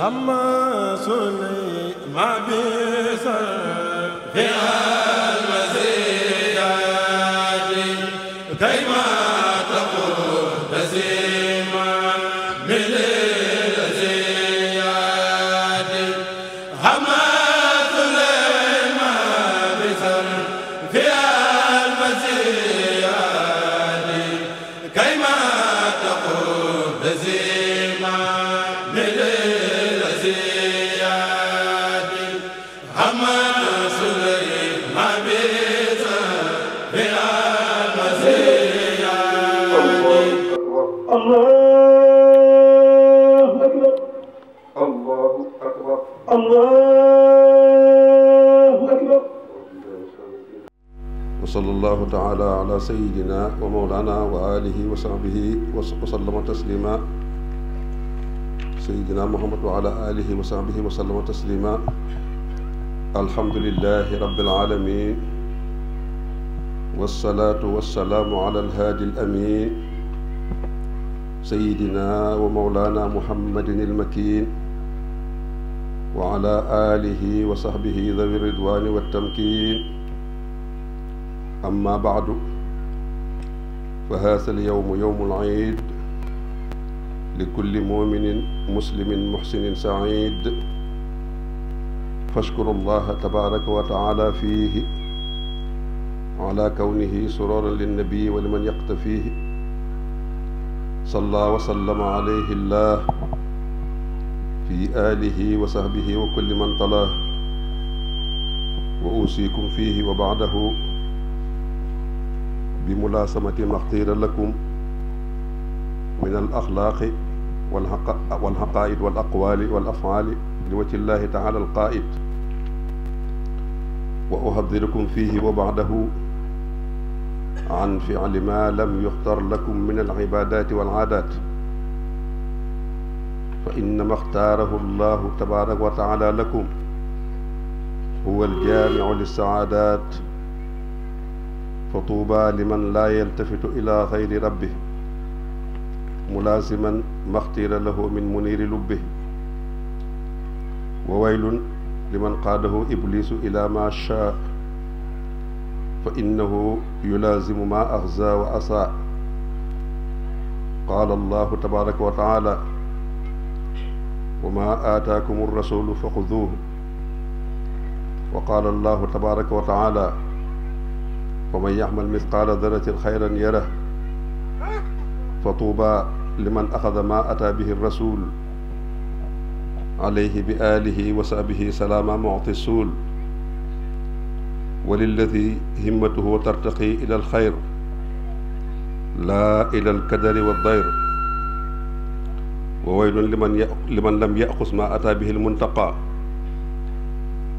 amma suli ma bisa sallallahu taala ala sayidina wa mawlana wa alihi wa sahbihi wa sallama taslima sayidina muhammad wa ala alihi wa sahbihi wa sallama taslima alhamdulilahi rabbil alamin wasalaatu wasalaamu ala alhaadi alamin sayidina wa mawlana muhammadin almakin wa ala alihi wa sahbihi dawi ridwani wa tamkin amma baadu fa haasa alyowmu yowmu alciid li kulli muminin muslimin muxsinin saciid fashkuru allaha tabaraka wa taala fiihi ala kawnihi suroran linnabiyi wa liman yaqtafiihi salla wa sallama alayhi llah fi aalihi wa sahbihi wa kulli man talaa wa uusiikum fiihi wa bacdahu بملاسمة ما اختير لكم من الأخلاق والعقائد والأقوال والأفعال لوجه الله تعالى القائد وأحذركم فيه وبعده عن فعل ما لم يختر لكم من العبادات والعادات فإنما اختاره الله تبارك وتعالى لكم هو الجامع للسعادات fa tuuba liman laa yaltafitu ila xayri rabbi mulaasiman maxtiira lahu min muniiri lubbi wa waylun liman qaadahu iblisu ila ma shaa fa innahu yulaazimu ma axza wa asaa qaala allahu tabaraka wa taala wa ma aataakum arrasulu fa xuduuhu wa qaala allahu tabaraka wa taala wa man yaxmal misqaala daratin xayran yarah fa tuuba liman axada ma ataa bihi rasul alayhi bi alihi wa sahbihi salaama muti suul wa lilladi himmatuhu tartaqi ila alxayr laa ila alkadari wa dayr wa waylun liman ya liman lam yaxus ma ataa bihi almuntaqa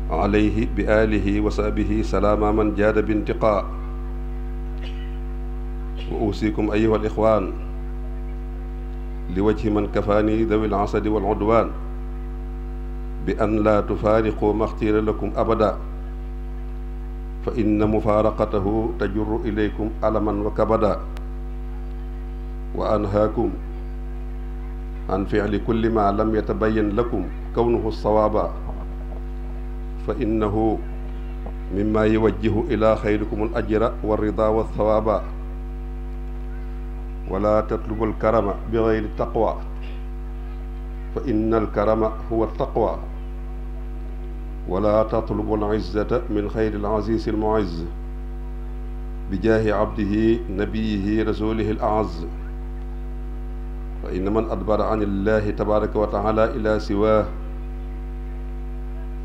alayhi bi alihi wa sahbihi salaama man jaada bintiqaa wa uusikum ayuha al ixwaan li wajhi man kafaani dawi al asadi wal udwaan bi an laa tufaariqu maxtiira lakum abada fa inna mufaaraqatahu tajurru ilaykum alaman wa kabada wa anhaakum an fi'li kulli ma lam yatabayyan lakum kawnuhu sawaaba fa innahu mimma yuwajjihu ila xayrikum al ajra wa rida wa sawaaba wala tatlubul karama bi gayri taqwa fa inna alkarama huwa taqwa wala tatlubu alizzata min xayri alazizi almuizz bi jaahi abdihi nabiyihi rasulihi alaz fa inna man adbara an illahi tabaraka wa taala ila siwah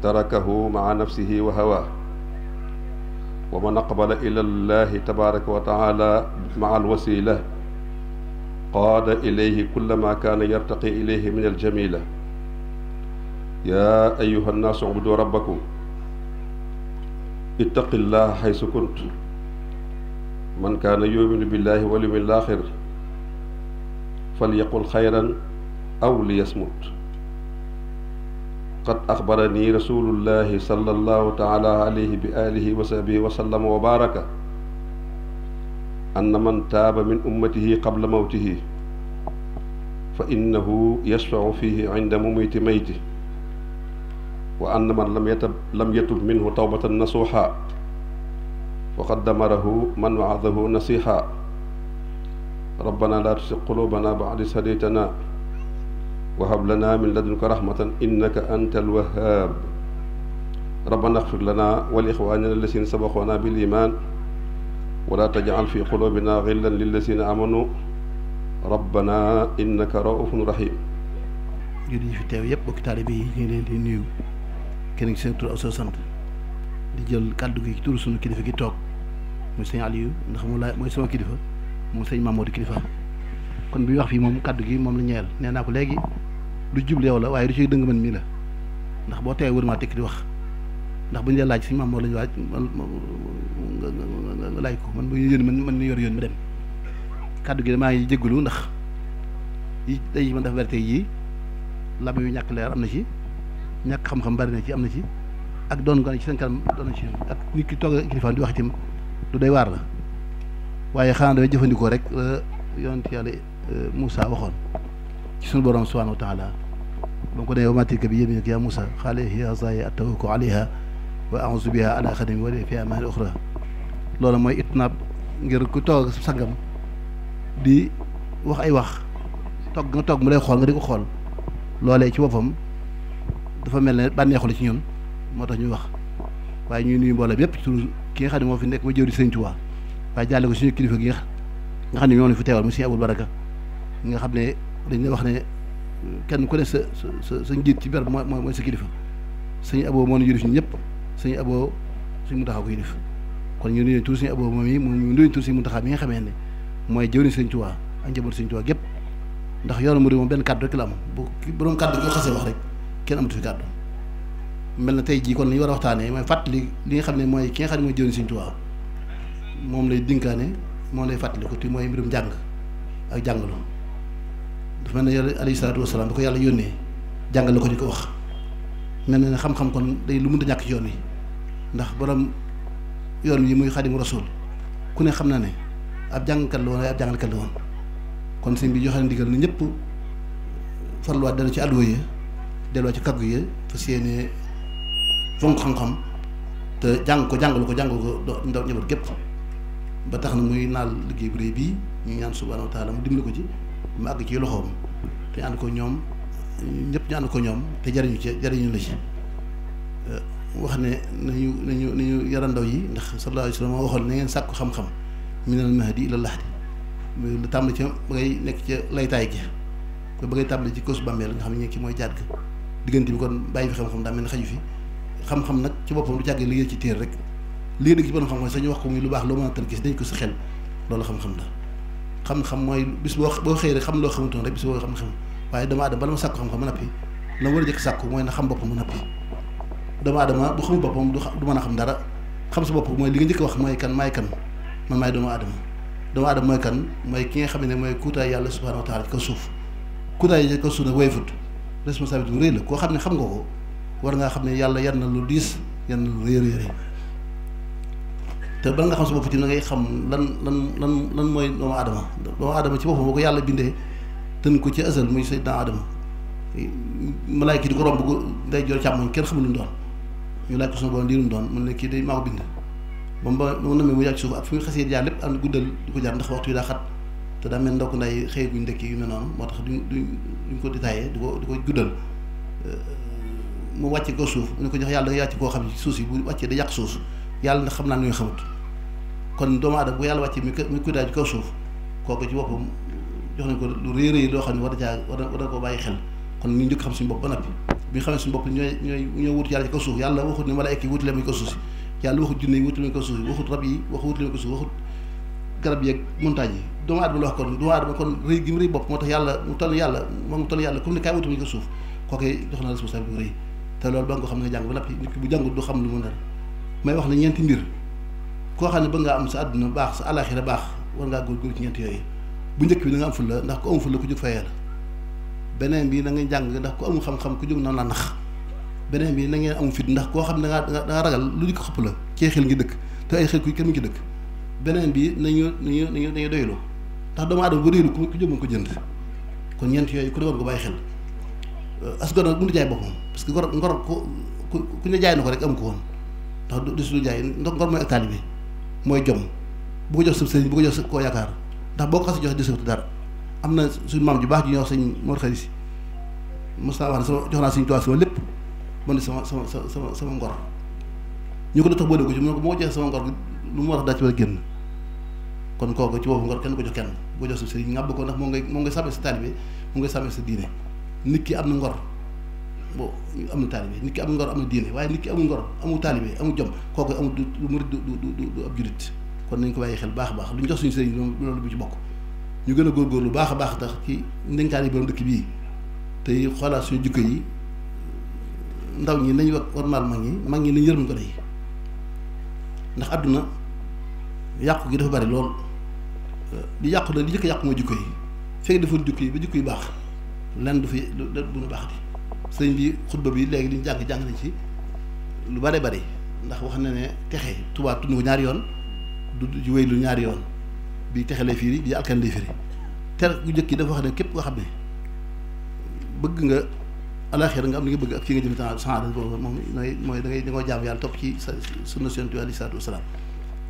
tarakahu maa nafsihi wa hawaa wa man aqbala ila allahi tabaraka wa taala maa alwasila qaada ilayhi kullama kaana yartaqi ilayhi min aljamila yaa ayuha nnaasu ubudu rabbakum ittaqillaha xaysu kunt man kaana yuminu billahi wal yawmil aaxir falyaqul xayran aw liyasmut qad axbarani rasulullahi sallallahu taala alayhi bi alihi wa sahbihi wa sallama wa baaraka anna man taaba min ummatihi qabla mawtihi fa innahu yashfau fihi inda mumiti mayti wa anna man lam yatab lam yatub minhu tawbatan nasuha faqad damarahu man waadahu nasiha rabbana la tusi qulubana ba'da is hadaytana wa hab lana min ladunka rahmatan innaka anta alwahhab rabbana ighfir lana wa li ikhwanina alladhina sabaquna bil iman wala tajal fi qulubina xillan lillazina amanu rabbana innaka raufun rahim jur yi fi teew yëpp bokki taalibe yi ñu ngi leen di nuyu kenn ci seen sant di jël kàddu gi ci turu sunu kilifa gi toog muy sëñ Aliou ndax mu la mooy sama kilifa moom sëñ Mamadou kilifa kon bi wax fii moom kàddu gi moom la ñeel nee naa ko léegi lu jublu yow la waaye lu ciy dëng man mii la ndax boo teewee wër maa tekki di wax ndax bu ñu la laaj sëñ Mamadou lañu waaj laaj ko man bu yónni man man yor yoon ma dem kàddu gi damaa ngi jégalu ndax yi day man dafa bari tey jii lab yu ñàkk leer am na ci ñàkk xam-xam bari na ci am na ci ak doon gone ci seen kanam doon na ci ak nit ki toog kilifaam di wax itam lu day waar la waaye xanaa damay jëfandikoo rek yonent yàlla e, Moussa waxoon ci sunu borom subhaanahu wa taala ba ko nee wa maa tilka bi yamiinika yaa Moussa qaala hiya asaaya atawakkalu alayha wa a'uuzu bihaa an axtamiya wa liya fiihaa maa'in uxraa loolu mooy it itnaab ngir ku toog sangam di wax ay wax toog nga toog mu lay xool nga di ko xool loolee ci boppam dafa mel ne bànneexu la ci ñun moo tax ñuy wax waaye ñuy nuyu mbooloo yépp ci ki nga xam ne moo fi nekk ba jëw di sëñ jàlle ko suñu kilifa gi nga xam ne ñoo fi teewal mu sëñ Abul Baraka nga xam ne dañ wax ne kenn ku ne sa sa sa njiit ci berab mooy mooy sa sëñ Aboo moo ñu yilif ñun ñëpp sëñ Aboo suñ mu taxaw ko yilif kon ñu nuyu tuuti suñu aboo moom yi moom ñu nuyu tuuti suñu Muntaxa bi nga xamee ne mooy jëwriñ Sëñ Tuubaa ak njaboot Sëñ Tuubaa gépp ndax yoonu murid moom benn kàddu rek la am bu borom kàddu ko xasee wax rek kenn amatu fi kàddu mel na tey jii kon li war a waxtaanee mooy fàttali li nga xam ne mooy ki nga xam ne mooy jëwriñ Sëñ moom lay dinkaane moom lay fàttali ko te mooy mbirum jàng ak jàngalu dafa mel ne yàlla alayhi salaatu wasalaam bi ko yàlla yónnee jàngal la ko di ko wax mel na ne xam-xam kon day lu mënta ñàkk ci yoon yi yoon yi muy xadim rasul ku ne xam na ne ab jàngkat la woon jàngalekat la woon kon sëñ bi joxe na ndigal ni ñëpp farluwaat dana ci àdduwa yi delluwaat ci kaggu yi fa yéene fonk xam-xam te jàng ko jàngalu ko jàngalu ko ndaw njaboot gépp ba tax na muy naal liggéey bu réy bii ñu ñaan subhaanahu wa mu dimbali ko ci mu àgg ci loxoom te ñu ànd ko ñoom ñëpp ñu ànd ko ñoom te jariñu ci jariñu la ci wax ne nañu nañu nañu yara ndaw yi ndax sa alayhi wa sallam moo waxoon na ngeen sàkku xam-xam minal mahdi ila lahdi lu tàmbali ci ba ngay nekk ca laytaay gi ko ba ngay tàmbali ci kos bàmmeel nga xam ne ki mooy jaat ga bi kon bàyyi fi xam-xam daa mel ne xaju fi xam-xam nag ci boppam du càggee liggéey ci téer rek liggéey nag ci borom xam-xam wax ko muy lu baax loo a tan gis dañ ko sa xel xam-xam la xam-xam mooy bis boo boo xëy rek xam loo xamutoon rek bis boo xam-xam waaye dama adam bala ma sàkku xam-xam ma nappi la war a jëkk sàkku mooy na xam boppam ma nappi doomu aadama bu xamul boppam du du mën a xam dara xam sa bopp mooy li nga njëkk wax mooy kan maay kan man maay doomu aadama doomu aadama mooy kan mooy ki nga xam ne mooy kuutaay yàlla subhaanahu wa taala ci kaw yi ci kaw suuf nag wayfut responsabilité bu rëy xam ne xam nga ko war ngaa xam ne yàlla yan na lu diis yan na lu te bala nga xam sa ci da ngay xam lan lan lan lan mooy doomu aadama doomu aadama ci boppam boo ko yàlla bindee tën ko ci asal muy sayyidina aadama malaayka yi di ko romb day jor càmmoñ kenn xamul lu mu ñu laaj ko sama borom liirum doon mun ne kii day maa ko bind ba mu ba mu namee mu yàgg suuf ak fu mu xasee jaar lépp am na guddal di ko jaar ndax waxtu yi daa xat te daa mel ndokk nday xëy guñ dëkk yu mel noonu moo tax duñ duñ duñ ko détaillé du ko du ko guddal mu wàcce ko suuf mu ne ko jox yàlla da nga yàcc koo xam ne suuf si bu wàccee da yàq suuf yàlla ndax xam naa ñuy xamut kon doomu aadama bu yàlla wàccee mu muy kuddaa ji kaw suuf kooku ci boppam jox nañ ko lu rëy rëy loo xam ne war na caa war na ko bàyyi xel kon ñu njëkk xam suñu bopp ba noppi bi nga xam ne suñu bopp ñooy ñooy ñoo wut yàlla ci kaw suuf yàlla waxut ne malaaka yi wuti ko suuf si yàlla waxut junne yi wuti ko suuf waxut rab yi waxut wuti ko suuf waxut garab yi doomu aadama la yàlla mu toll yàlla moom mu toll yàlla na responsabilité bu xam ne nga jàng ba noppi nit ki bu jàngut du xam lu mu nar may wax ne ñeenti mbir koo xam ne bëgg ngaa am sa àdduna baax sa alaxira baax war ngaa góorgóorlu ci ñeenti yooyu bu njëkk bi da nga am fulla ndax ko am fulla ku jóg fayee la beneen bi na ngeen jàng ndax ku amul xam-xam ku jóg na la nax beneen bi na ngeen amul fit ndax koo xam ne da da ngaa ragal lu di ko xëpp la cee xel ngi dëkk te ay xel dëkk beneen bi nañu nañu nañu nañu doylu ndax doomu aadama bu réeru ku jóg mën ko jënd kon ñeent yooyu ku ne war ko bàyyi xel as euh, gor nag mënut jaay boppam parce que ngor ngor ku ku ne jaay na ko rek am ko woon ndax du du jaay ndox ngor mooy ak taalibe bi mooy jom bu ko jox sa sëriñ bu ko jox sa koo yaakaar ndax boo ko xasee joxe desewut dara am na suñu maam ju baax ju ñuy wax sëñ Mor Khary si mos naa wax ne sama suñu tuwaay sama lépp ma ne sama sama sama sama ngor ñu ko la tax boole ko ci mu ne ko lu mu war a daa ci ci boobu ngor kenn ko jox kenn boo jox su sëriñ ngàbb ko ndax moo ngay moo ngay sàmmee sa taalibe moo ngay sa diine nit ki am na ngor bo am na taalibe nit ki am ngor am na waaye nit ki amul ngor amul taalibe amul jom kooku amul du murid du du ab julit kon nañ ko bàyyi xel baax baax lu ñu jox suñu sëriñ loolu bu ci bokk yu gën a góor lu baax a baax tax ci ndénkaan yi borom dëkk bii tey xoolaat suñu jikko yi ndaw ñi nañu wax normal mag ñi mag ñi nañu yërëm ko day ndax àdduna yàqu gi dafa bari lool di yàqu nag li jëkk yàqu mooy jikko yi fekk defoon jikko yi ba jikko yu baax lenn du fi du du baax di sëñ bi xutba bi léegi liñ jàng jàng nañ ci lu bare bari ndax wax na ne texe tubaab tudd ko ñaari yoon du ci wéy lu ñaari yoon bi texe lay firi bii alkan lay firi ter bu njëkk yi dafa wax ne képp ko xam ne bëgg nga alaxira nga am li nga bëgg ak ci nga jëm temps sans moom mooy mooy da ngay da ngay jaam yàlla topp ci sa sunna Yonent bi alayhi salaatu wa salaam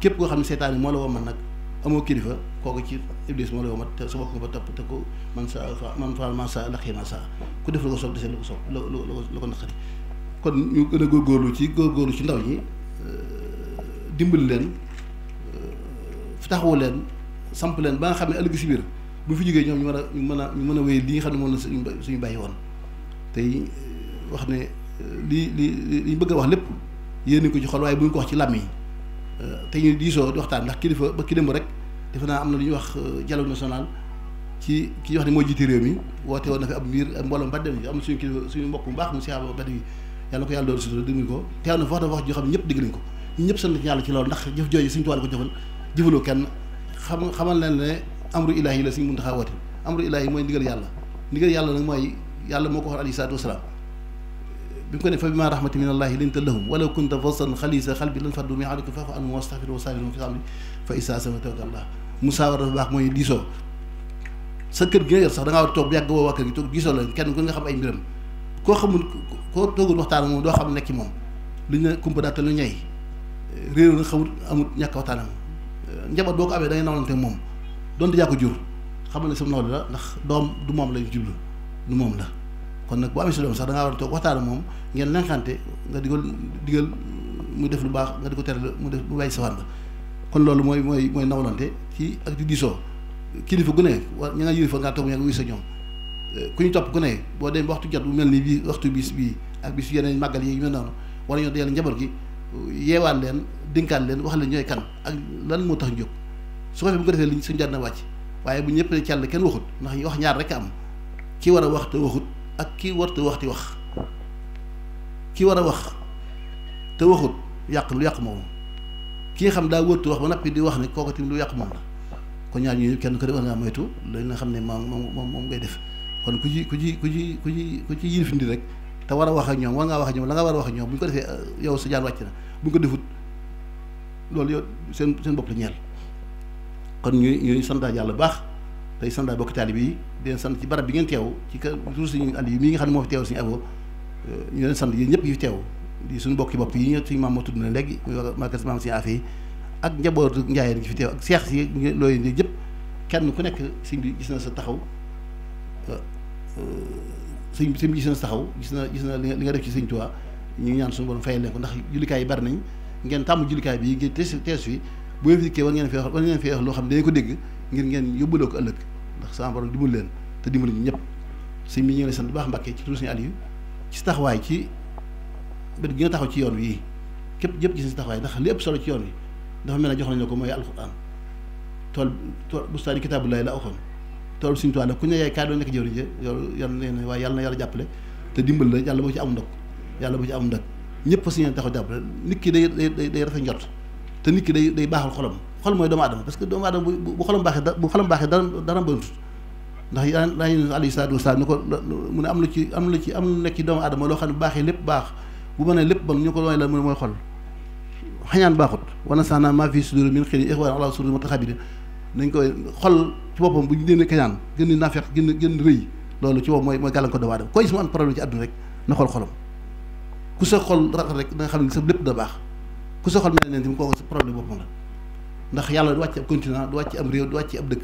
képp koo xam ne seytaan yi la womat nag amoo kilifa kooku ci iblis la womat te su bopp nga ba topp ko man sa man faal man sa laqi man sa ku def la ko soob desee la ko soob la la ko naqari kon ñu gën a góorgóorlu ci góorgóorlu ci ndaw ñi euh, dimbali leen euh, taxawu leen samp leen ba nga xam ne ëllëg si biir bu fi jógee ñoom ñu mën a ñu mën a ñu mën a wéy li xam ne moom la suñu suñu bàyyi woon tey euh, wax ne euh, li li li ñu bëgg a wax lépp yéen ko ci xol waaye bu ñu wax ci làmm euh, te ñu diisoo di waxtaan ndax kilifa ba ki rek defe naa am na lu ñuy wax dialogue national ci ki wax ne moo jiite réew mi woote woon na fi ab mbir mbooloom ba dem am suñu kilifa suñu mbokk bu baax mu siyaaba ba bi yàlla ko yàlla doon sutura dégg ko teew na fi wax na wax joo xam ne ñëpp dégg nañ ko ñun ñëpp sant ci lool ndax jëf jooju suñu tuwaal ko jëfal xam xamal leen ne amru ilaahi la Sëriñ Muntaxa woote amru ilaahi mooy ndigal yàlla ndigal yàlla nag mooy yàlla moo ko waxoon alayhi salaatu wasalaam ko ne fa bi ma rahmatin min allahi linta lahum wala kunta fazzan xalisa xalbi lan faddu min hawlika fa'fu anhum wastaxfir wa saabirhum fi amri fa izaa azamta tawakkal allah musaawara dafa baax mooy diisoo sa kër gi nga yor sax da ngaa war toog yàgg woo waa kër gi diisoo la kenn ku nga xam ay mbiram koo xamul koo toogul waxtaan moom doo xam nekki moom li ñu ne kumpa daal te lu ñay réew na xamul amul ñàkk waxtaan njaboot boo ko amee da ngay nawlante moom donte yaa ko jur xamal ne sama nawle la ndax doom du moom lay jublu du moom la kon nag boo amee si doom sax da ngaa war a toog waxtaan moom ngeen lenkante nga di ko mu def lu baax nga di ko tere mu def mu bàyyi sawaan ba kon loolu mooy mooy mooy nawlante ci ak di diisoo kilifa gu ne war ña nga yëngu fa ngaa toog ña nga wuyu sa ñoom ne boo dem waxtu jot bu mel ni bii waxtu bis bii ak bis yeneen màggal yi yu mel noonu war nañoo dajale njaboot gi. yeewaan leen dinkaan leen wax leen ñooy kan ak lan moo tax jóg su ko defee bu ko defee liñ suñu jar na wàcc waaye bu ñëpp ne càll kenn waxut ndax ñu wax ñaar rek am ki war a wax te waxut ak ki war wax te wax ki war a wax te waxut yàq lu yàq moom ki xam daa wër te wax ba noppi di wax ne kooku tamit lu yàq moom la kon ñaar ñu kenn ko def naa moytu li nga xam ne moom moom moom ngay def kon ku ci ku ci ku ci ku ci ku ci yilif ndi rek. te war a wax ak ñoom war ngaa wax ak ñoom la nga war a wax ak ñoom bu ñu ko defee euh, yow sa jaan wàcc na bu ñu ko defut loolu yow seen seen bopp la ñeel kon ñuy ñuy santaat yàlla bu baax tey santaat bokk taalibe yi di leen sant ci barab bi ngeen teew ci kër toujours suñu àll yi mii nga xam ne moo fi teew suñu abo euh, ñu leen sant yéen ñëpp yi fi teew di suñu bokki bopp yi ñu suñu maam moo tudd na léegi muy wax magas maam suñu affaire yi ak njabootu njaayeen gi fi teew ak seex si looyu ne jëpp kenn ku nekk suñ gis na sa taxaw euh, sëñ sëñ bi gis na gis na gis na li nga def ci sëñ Tuubaa ñu ñaan suñu borom fayal leen ko ndax jullikaay yi bari nañ ngeen tàmm jullikaay bi ngeen tees tees fi bu ngeen fi dikkee war ngeen fi wax war loo xam ne ko dégg ngir ngeen yóbbuloo ko ëllëg ndax sama borom dimbal leen te dimbal ñu ñëpp sëñ bi ñu ngi lay baax Mbàkke ci turu sëñ Aliou ci taxawaay ci bët gi nga taxaw ci yoon wi képp yëpp gis na si taxawaay ndax li ëpp solo ci yoon wi ndax mel ne jox nañ ko mooy alxuraan tool tool bustaani kitaabullahi la waxoon toolu suñu tubaab la ku ne yaay kaay doo nekk jëwriñ ja yàlla nee na waaye yàlla na yàlla jàppale te dimbal la yàlla boo ci am ndog yàlla boo ci am ndog jàppale nit ki day day day rafet njort te nit ki day day baaxal xolam xol mooy doomu aadama parce que doomu aadama bu xolam baaxee bu xolam baaxee dara dara bëntut ndax yaa laa ñu alayhi salaatu wasalaam ni ko mu ne am lu ci am lu ci am lu nekk ci doomu aadama loo xam ne baaxee lépp baax bu mënee lépp bon ñu ko looy la mu ne mooy xol xañaan baaxut wana sax naa maa fi suduri min nañ koy xol ci boppam bu ñu leen kañaan gën a naafeq gën a gën rëy loolu ci boppam mooy mooy gàllankoor doomu aadama koy gis mu am problème ci àdduna rek na xol xolam ku sa xol raxal rek na xam ne sa lépp da baax ku sa xol mel neen tamit kooku sa problème boppam la ndax yàlla wàcc ab continent wàcc am ab dëkk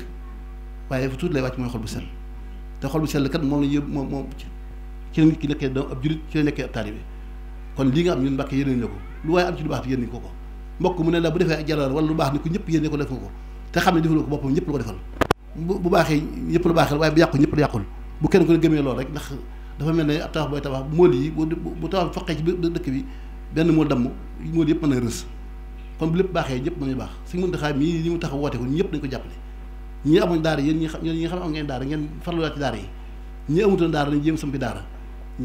waaye fu tuut lay wàcc mooy xol bu sell te xol bu sell kat yëpp moom moom ci la nit ki nekkee doom ab julit ci la nekkee ab taalibe kon lii nga am ñun mbàkke yéen la ko lu waaye am ci lu baax bi yéen ko ko mbokk mu ne la bu defee ak jaral wala lu baax ni ko ñëpp yéen ko def nga ko te xam ne defaloo ko boppam ñëpp lu ko defal bu baaxee ñëpp la baaxal waaye bu yàqul ñëpp la yàqul bu kenn ko ne gëmee loolu rek ndax dafa mel ne ab tabax booy tabax mool yi bu tabax bi foqee ci bi benn mool damm mool yëpp mën na rës kon lépp baaxee ñëpp mën baax suñu muntaxaa mii ñi mu tax woote ko ñëpp ko jàppale ñi amoon daara yéen ñi xam ñi nga xam ne am ngeen daara ngeen farluwaat ci daara yi ñi amutoon daara dañ jéem sampi daara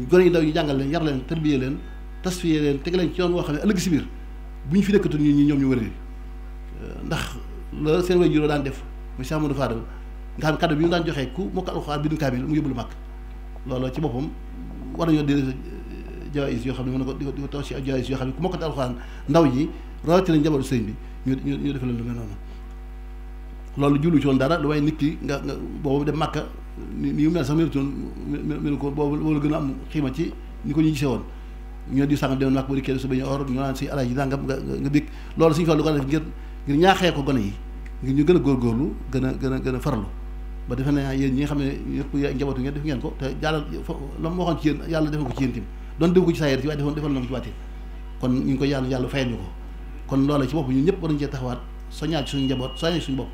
gone yi ndaw leen yar leen tarbiyee teg leen ci yoon woo xam ne ëllëg si biir bu ñu fi nekkatu ñu ñi ñoom ñu wërali ndax la seen way juróo daan def muy Cheikh Amadou Fadal nga xam bi mu daan joxee ku mokkal alxuraan bi du kaamil mu yóbbu lu mag loolu ci boppam war nañoo di euh, yoo xam ne mën na ko di si jawaïs yoo xam ne ku mokkal alxuraan ndaw yi rawatina njabootu sëñ bi ñu ñu ñu defal leen lu mel noonu loolu jublu ci woon dara lu may nit ki nga nga boobu dem màkka ni ni mu mel sax melutoon melu ko boobu la gën a am xiima ci ni ko ñu gisee woon ñoo di sàngam dem màkk bu di kenn su bañ a or ñu naan si alal ji nangam nga nga dikk loolu si fa lu ko def ngir ngir ñaaxee ko gone yi ngir ñu gën a góor gën a gën a gën a farlu ba defe naa yéen ñi nga xam ne yëpp njabootu ngeen def ngeen ko te yàlla la mu waxoon ci yéen yàlla defal ko ci yéen tim doon dégg ko ci saa ci waaye defoon defal ko ci waatee kon ñu ngi koy yàlla yàlla ñu bopp ñun ñëpp war nañu cee taxawaat soññaat ci suñu njaboot soññaat ci suñu bopp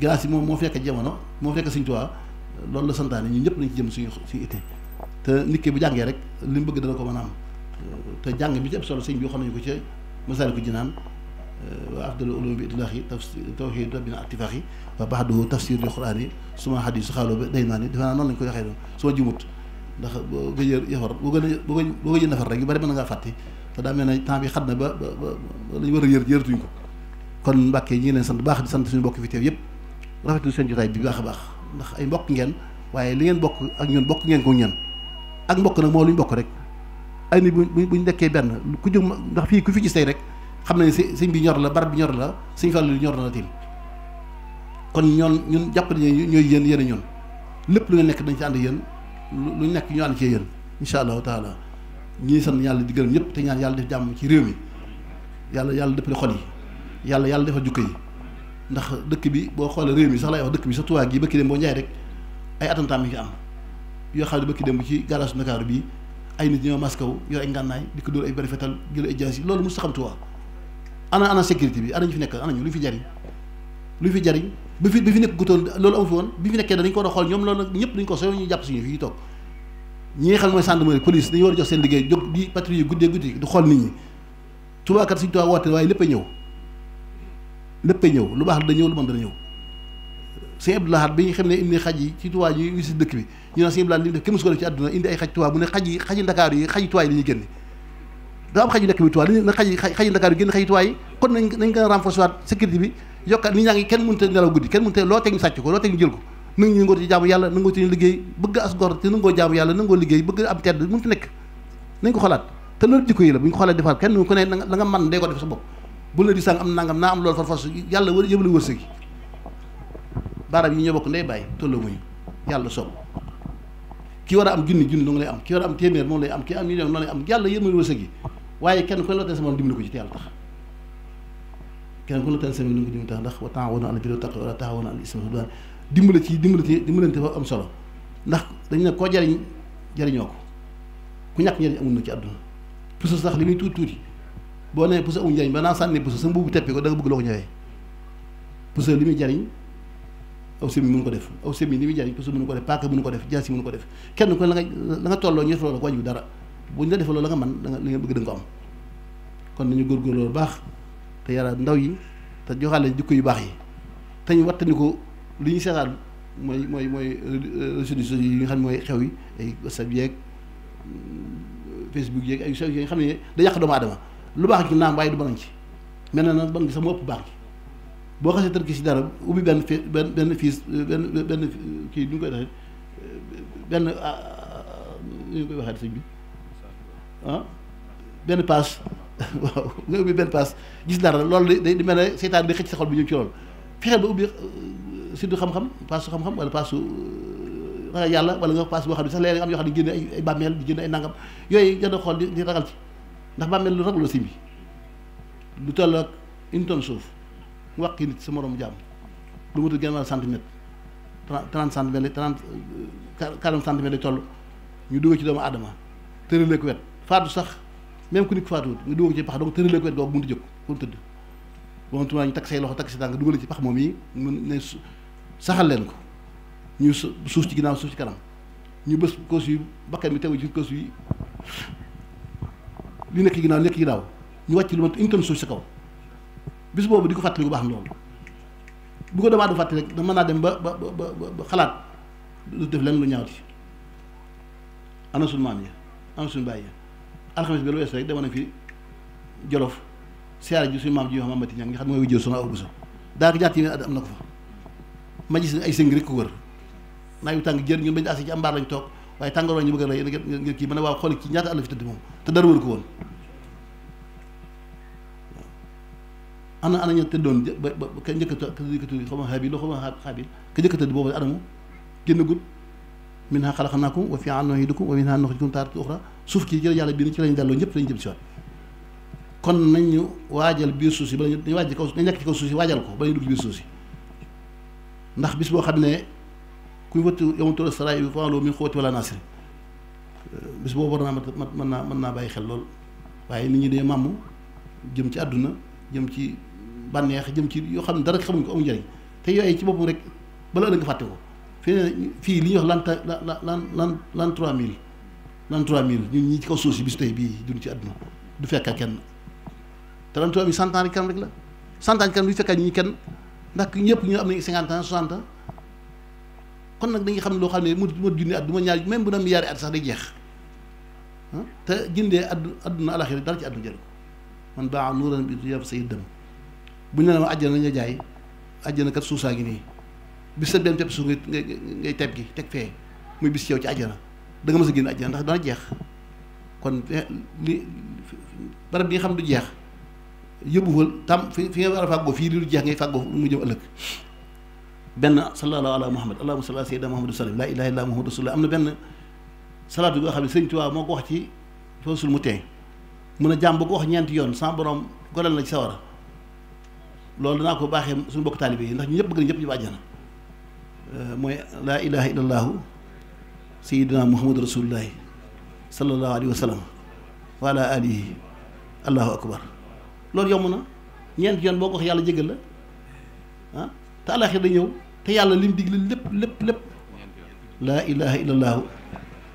grâce yi moom moo fekk jamono moo fekk Sëñ Tuubaa loolu la santaane ñun ñëpp nañ ci jëm suñu suñu itte te nit ki bu jàngee rek li mu bëgg dana ko mën a am te jàng bi ci ëpp solo sëñ bi waxoon nañu ko ci masaali ko jinaan wa afdalu ulum bi itlaaxi tawxiid rabbina attifaaxi wa baxduhu tafsir li quraan yi suma xadis xaaloo ba day naa ni defe naa noonu lañ ko waxee doon suma jumut ndax boo gëjee yafar boo gën a boo gën boo gëjee nafar rek yu bari mën ngaa fàtte te daa mel ne temps na ba ba war a yër yërtuñ ko kon mbàkkee ñi ngi leen sant baax di sant suñu bokk fi teew yëpp rafetu seen jotaay bi baax a baax ndax ay mbokk ngeen waaye li ngeen bokk ak ñun bokk ngeen ko ñun ak mbokk nag moo lu ñu bokk rek ay nit buñ buñ dekkee benn ku jóg ndax fii ku fi gis tey rek xam nañ sëñ bi ñor la barab bi ñor la sëñ Fallou ñor na la tamit kon ñoon ñun jàpp nañu ñooy yéen yéen ñoon lépp lu ñu nekk dañ ci ànd yéen lu nekk ñu ànd ci yéen incha allahu taala ñii sant yàlla di gërëm ñëpp te ñaan yàlla def jàmm ci réew mi yàlla yàlla dëppale xol yi yàlla yàlla defal jukka yi ndax dëkk bi boo xoolee réew mi sax laay wax dëkk bi sax tubaab gi bëkki dem boo njaay rek ay attentat mi ci am yoo xam bëkki dem ci garage Ndakaaru bi ay nit ñoo maskaw yor ay ngànnaay di ko dóor ay fetal jël ay loolu mos sa xam ana ana sécurité bi ana ñu fi nekk ana ñu lu fi jariñ lu fi jariñ bi fi bi fi nekk gutoon loolu amu fi woon bi fi nekkee dañ ko war a xool ñoom loolu nag ñëpp dañ ko sooy ñu jàpp suñu fii toog ñi nga xam mooy gendarmerie police dañu war a jox seen liggéey jóg di patrouille guddee guddi du xool nit ñi tubaakat waaye lépp a ñëw lépp a ñëw lu baax da ñëw lu moom ñëw bi ñu xam ne indi xaj yi ci tubaab yi wisit dëkk bi ñu naan sëñ Abdou Lahad li mu def kenn musu ko def ci àdduna indi ay xaj tubaab mu ne xaj yi xaji Ndakaar yi xaji tubaab yi dañuy génn dafa am xaj yu nekk biir Touba li na xaj xaj Dakar yu génn xaj Touba yi kon nañ nañ gën a renforcer waat sécurité bi yokkaat nit ñaa ngi kenn mënut a nelaw guddi kenn mënut a loo teg ñu sàcc ko loo teg ñu jël ko nang ñu ngoo a nekk nañ ko xalaat te loolu jikko yi la bu ñu ko war a am junni junni noonu lay am ki war téeméer moom lay am ki am million noonu lay am yàlla yëmal wërsëg yi waaye kenn ku ne la tey sama moom dimbali ko ci te yàlla tax kenn ku ne la tey sama moom dimbali ndax wa ta'awanu 'alal birri wattaqwa wa laa ta'awanu 'alal ismi wal 'udwaan dimbali ci dimbali ci dimbalante am solo ndax dañu ne koo jariñ jariñoo ko ku ñàkk njariñ amul na ci àdduna puso sax li muy tuuti tuuti boo nee puso amul njariñ sànni puso sa mbuubu teppi ko da nga bëgg loo ko ñëwee puso li muy jariñ aw sëmi mënu ko def aw sëmi li muy ko def paaka ko def jaasi mënu ko def kenn ku ne la tolloo ñu def loolu ko wàññiwul dara bu ñu la defaloo la nga man da nga li nga bëgg da nga ko am kon nañu góorgóorlu bu baax te yara ndaw yi te joxaale jikko yu baax yi te ñu ko li ñu seetaan mooy mooy mooy euh, réseaux sociaux yi nga xam ne mooy xew yi ay whatsapp yeeg euh, facebook yeeg ay sew yi nga xam ne da yàq doomu aadama lu baax ci naam waaye du banañ ci mel na nag ban gi sax ëpp baax gi boo xasee tër ki si dara ubbi benn fi benn benn fiis benn benn kii du ñu koy waxee euh, benn ah, ah, ñu koy waxee sëñ bi ah benn paas waaw nga ubbi benn paas gis dara loolu day di mel ne seytaan bi xëcc sa xol bi ñëw ci loolu fexeel ba ubbi euh, siddu xam-xam paasu xam-xam wala paasu euh, ragal yàlla wala nga paas boo xam ne sax léeg-léeg am yoo xam ne génne ay bàmmeel di génne ay nangam yooyu nga doon xool di ragal ci ndax bàmmeel lu ragaloo si bi lu toll ak une suuf mu wàq nit sa moroom jàmm lu mu tudd gën a centimètre trente centimètres trente euh, quarante centimètres lay toll ñu dugal ci doomu aadama tëralee ko wet faatu sax même ku nit ko faatuwut nga dugal ci pax donc tëralee ko wet googu mënut a jóg kon tëdd bon tumaa ñu takk say loxo takk si tànk dugal ci pax moom yi mun ne saxal leen ko ñu suuf ci ginnaaw suuf si kanam ñu bës kos yi bakkan bi tegu ci kos yi li nekk ginnaaw nekk ginnaaw ñu wàcc lu mat une tonne suuf si kaw bis boobu di ko fàttali bu baax loolu bu ko demaat du fàttali rek naa dem ba ba ba xalaat du def leen lu ñaawti ana suñu maam ya ana suñu bàyyi alxames bi lu wees rek dama nañ fi jolof siyaare ji suñu maam ji yoo xam amati ñang nga xam mooy wujjee soxna aw bu so daanaka ñaar téeméer at am na ko fa ma gis ay sëng rek ko wër naaj wu tàng jër ñun bañu asi ci lañ toog waaye tàngoor ñu bëgg a rey ngeen kii mën a waaw xool ci ñaata àll fi tëdd moom te dara wër ko woon ana ana ñu tëddoon ba ba ka njëkk a njëkk a tudd xaw ma xaabil loo xaw ma xaabil ka njëkk a tëdd boobu adamu génn gud min ha xalaqnaakum wa fiihaa nu'iidukum suuf kii jël yàlla bind ci lañ delloo ñëpp lañ jëm si waat kon nañ ñu waajal biir suuf si ba ñu dañu waaj ci kaw nekk ci kaw suuf si waajal ko bala ñu dugg biir suuf si ndax bis boo xam ne kuy wëttu yow tool saraay bi faaloo min xuwwati wala nasri euh, bis boobu war mën naa mën naa bàyyi xel lool waaye nit ñi dee màmm jëm ci àdduna jëm ci bànneex jëm ci yoo xam ne dara xamuñ ko amuñ njëriñ te yooyu ci boppam rek bala ëllëg nga fàtte ko fii fii li ñuy wax lan lan lan lan lan trois mille 33 000 ñun ñi ci kaw suuf si bis tey bii duñ ci àdduna du fekk kenn 33 000 cent ans rek rek la cent ans kanam ñi kenn ndax ñëpp ñu am nañu 50 ans 60 ans kon nag dañuy xam ne loo xam ne mu du ma junni at du ma ñaar même bu na yaari at sax day jeex ah te jëndee addu adduna alaxira dara ci àdduna jël ko man baa nuuran bi du yab say bu ñu la ma àjjana nga jaay àjjana kat suusaa ngi nii bis sa dem tepp suuf ngay ngay teb gi teg fee muy bis yow ci àjjana da nga mës a génn àjjana ndax dana jeex kon li barab bi nga xam du jeex yóbbu fa tam fi fi nga war a fàggoo fii li du jeex ngay fàggoo mu jëm ëllëg benn sallallahu ala muhammad allahumma salli ala sayyidina muhammad salim la am na benn salaatu boo xam ne sëñ Tuubaa moo ko wax ci foosul mu teey mun a jàmm ba ko wax ñeenti yoon sans borom golal la ci sawara loolu danaa ko baaxee suñu bokk taalibe yi ndax ñu ñëpp bëgg nañ ñëpp ñu ba àjjana mooy laa ilaha illa sayyidina muhammadu rasulullahi sallallahu alayhi wa sallam wa ala alihi allahu akbar loolu yomb na ñeent yoon boo ko wax yàlla jégal la ah te alaxir da ñëw te yàlla lim digle lépp lépp lépp laa ilaha illa allaahu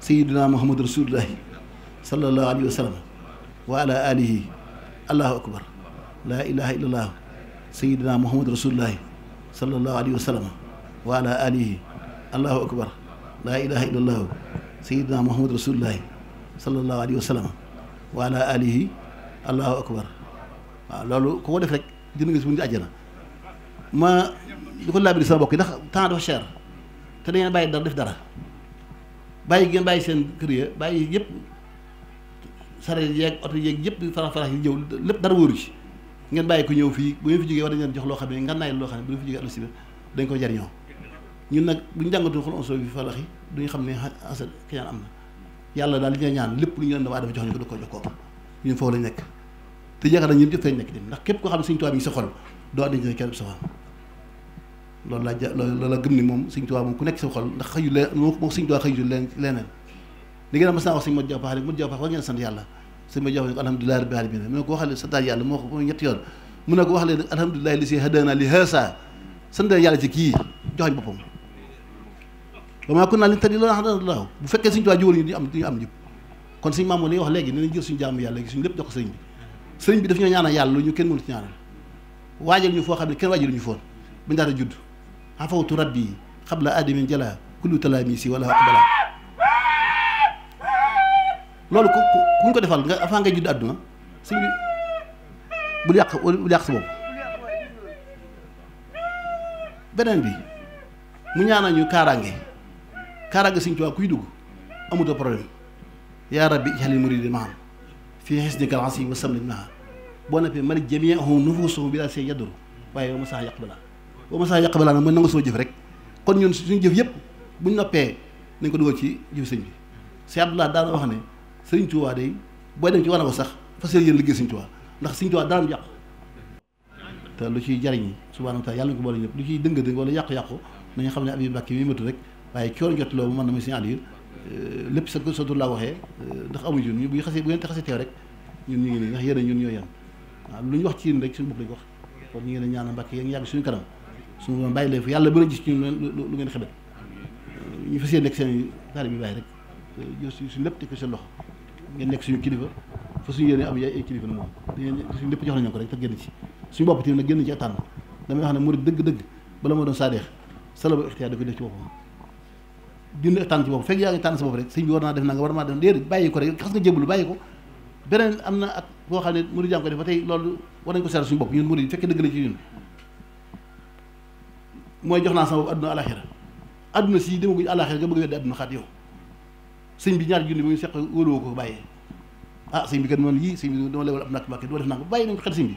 sayyidina muhammadu rasulullahi sallallahu alayhi wa sallam wa ala alihi allahu akbar laa ilaha illa allaahu sayyidina muhammadu rasulullahi sallallahu alayhi wa sallam wa ala alihi allahu akbar laa ilaha illallahu sayidina muhammad rasulullahi sallallahu alayhi wa sallam wa ala alihi allahu akbar waaw loolu ku ko def rek dina gis mu ngi àjjana ma di ko laabiri sama bokk yi ndax temps dafa cher te dangeen bàyyi dara def dara bàyyi ngeen bàyyi seen kër ya bàyyi yëpp sareet yeeg oto yeeg yëpp farax farax yi ñëw lépp dara wóoru ci ngeen bàyyi ko ñëw fii bu ngeen fi jógee war nañ leen jox loo xam ne nga naay loo xam ne bu ngeen fi jógee alsiba dañ ko jariñoo ñun nag bu ñu jàngatul xul onso bi falaxi duñu xam ne asal kiñaan am na yàlla daal li ñuy ñaan lépp lu ñu leen waa dafa jox ñu ko da ko jox kooku ñun foofu lañ nekk te yaakaar nañ ñëpp jëf lañ nekk dem ndax képp koo xam ne Sëñ Tuubaa bi ngi sa xol doo àndi ñoy kenn sa xol loolu laa ja loolu la gëm ni moom Sëñ Tuubaa moom ku nekk sa xol ndax xëyu leen moom Sëñ Tuubaa xëyutul leen leneen li ngeen mas naa wax sëñ Modou Diaw Paax Modou Diaw Paax war ngeen sant yàlla sëñ Modou Diaw ne ko alhamdulillahi rabbil alamin mu ne ko waxale santaat yàlla moo ko ñetti yoon mu ne ko waxale alhamdulillahi li si hadana li haasa sant yàlla ci kii joxañ boppam wa maa kunnaa linahtadiya lawlaa an hadaanaa Allaah bu fekkee suñu tubaab jiwal ñu duñu am duñu am jub kon suñu maam li wax léegi ne nañ jël suñu yàlla gi suñu lépp jox ko sëriñ bi sëriñ bi daf ñoo ñaana yàlla lu ñu kenn mënu ci ñaanal waajal ñu foo xam ne kenn waajal ñu foon bu ñu daata judd afawtu rabbi xabla aadamin jala kullu talaamisi wala aqbala loolu ku kuñ ko defal nga avant ngay judd àdduna sëñ bi bul yàq bul yàq sa bopp beneen bi mu ñaanal ñu kaaraange kaaraange Sëñ Tuubaa kuy dugg amutoo problème yaa rabbi ij'alil muriidi maan fii xisnikal asiim wa samnil maa boo nekkee malik jamii'ahum nufuusuhum bi laa see yaduru waaye wa masaa yaqbala wa masaa yaqbala nag mooy nangu soo jëf rek kon ñun suñu jëf yëpp buñ noppee nañ ko dugal ci jëf sëñ bi si laa daana wax ne Sëriñ Tuubaa day booy dem ci war a ko sax fas yéene liggéey Sëriñ Tuubaa ndax Sëriñ Tuubaa daanam yàqu te lu ciy jariñ subhaanahu wa taala yàlla ñu ko ñëpp lu ciy dëng dëng wala yàqu-yàqu nañu xam ne Abiy Mbàkke mi rek waaye ki jot loolu man dama si ànd euh, lépp sa sa laa waxee euh, ndax amu jun ñu bu ñu xasee bu ngeen te xasee teew rek ñun ñu ngi nii ndax yéen ñun ñoo yem waaw lu ñu wax ci yéen rek suñu bopp lañu wax kon ñu ngi leen ñaanal mbàkk yéen suñu kanam suñu borom bàyyi leen fi yàlla gis ci lu ngeen xebet ñu fas yéene nekk seen taalibe bi bàyyi rek euh, jël suñu lépp teg ko seen loxo ngeen nekk suñu kilifa fa suñu yéene am ay moom suñu lépp jox nañu ko rek te génn ci suñu bopp tamit nag génn ci attaan damay wax ne murid dëgg-dëgg bala moo doon saadeex salabo ixtiyaar da koy def ci boppam julli tànn ci bopp fekk yaa ngi tànn sa bopp rek sëñ bi war naa def nanga war naa def déedéet nga jébbalu bàyyi at boo xam ne murid jàng def ba tey loolu war nañ ko seer suñu bopp ñun mooy jox naa sama bopp adduna adduna si demaguñ alaxira nga bëgg a weddi adduna xaat yow sëñ bi ñaari junni bi ñu seq wóoluwoo ko bàyyee ah sëñ bi doo def nanga bàyyi nañ ko xel sëñ bi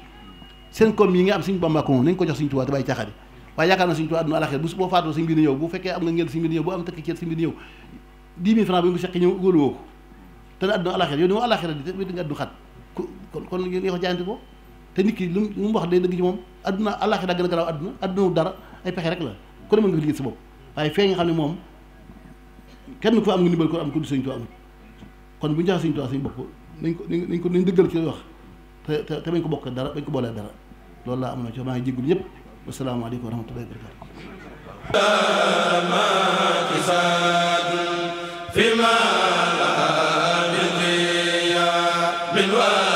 seen koom yi nga am sëñ Bamba ko moom nañ ko jox sëñ Tuubaa te bàyyi caaxaat yi waaye yaakaar na suñu tuwi àdduna alaxir bu su boo faatoo suñ mbir ñëw bu fekkee am nga ngeen suñ mbir ñëw bu am tëkk ceet suñ mbir ñëw dix mille kon moom àdduna alaxir a garaaw àdduna dara ay pexe rek la ku sa bopp waaye fee xam ne moom kenn ku fa am nga ndimbal ko am ko suñ tuwi kon bu ñu joxe suñ tuwi suñ bopp nañ ko nañ ko nañ dëggal ci wax te te bañ ko bokk dara bañ ko boolee dara loolu laa am na ci maa ngi jéggul ñëpp wasalaamaaleykum wa rahmatullahi wa barakaatu.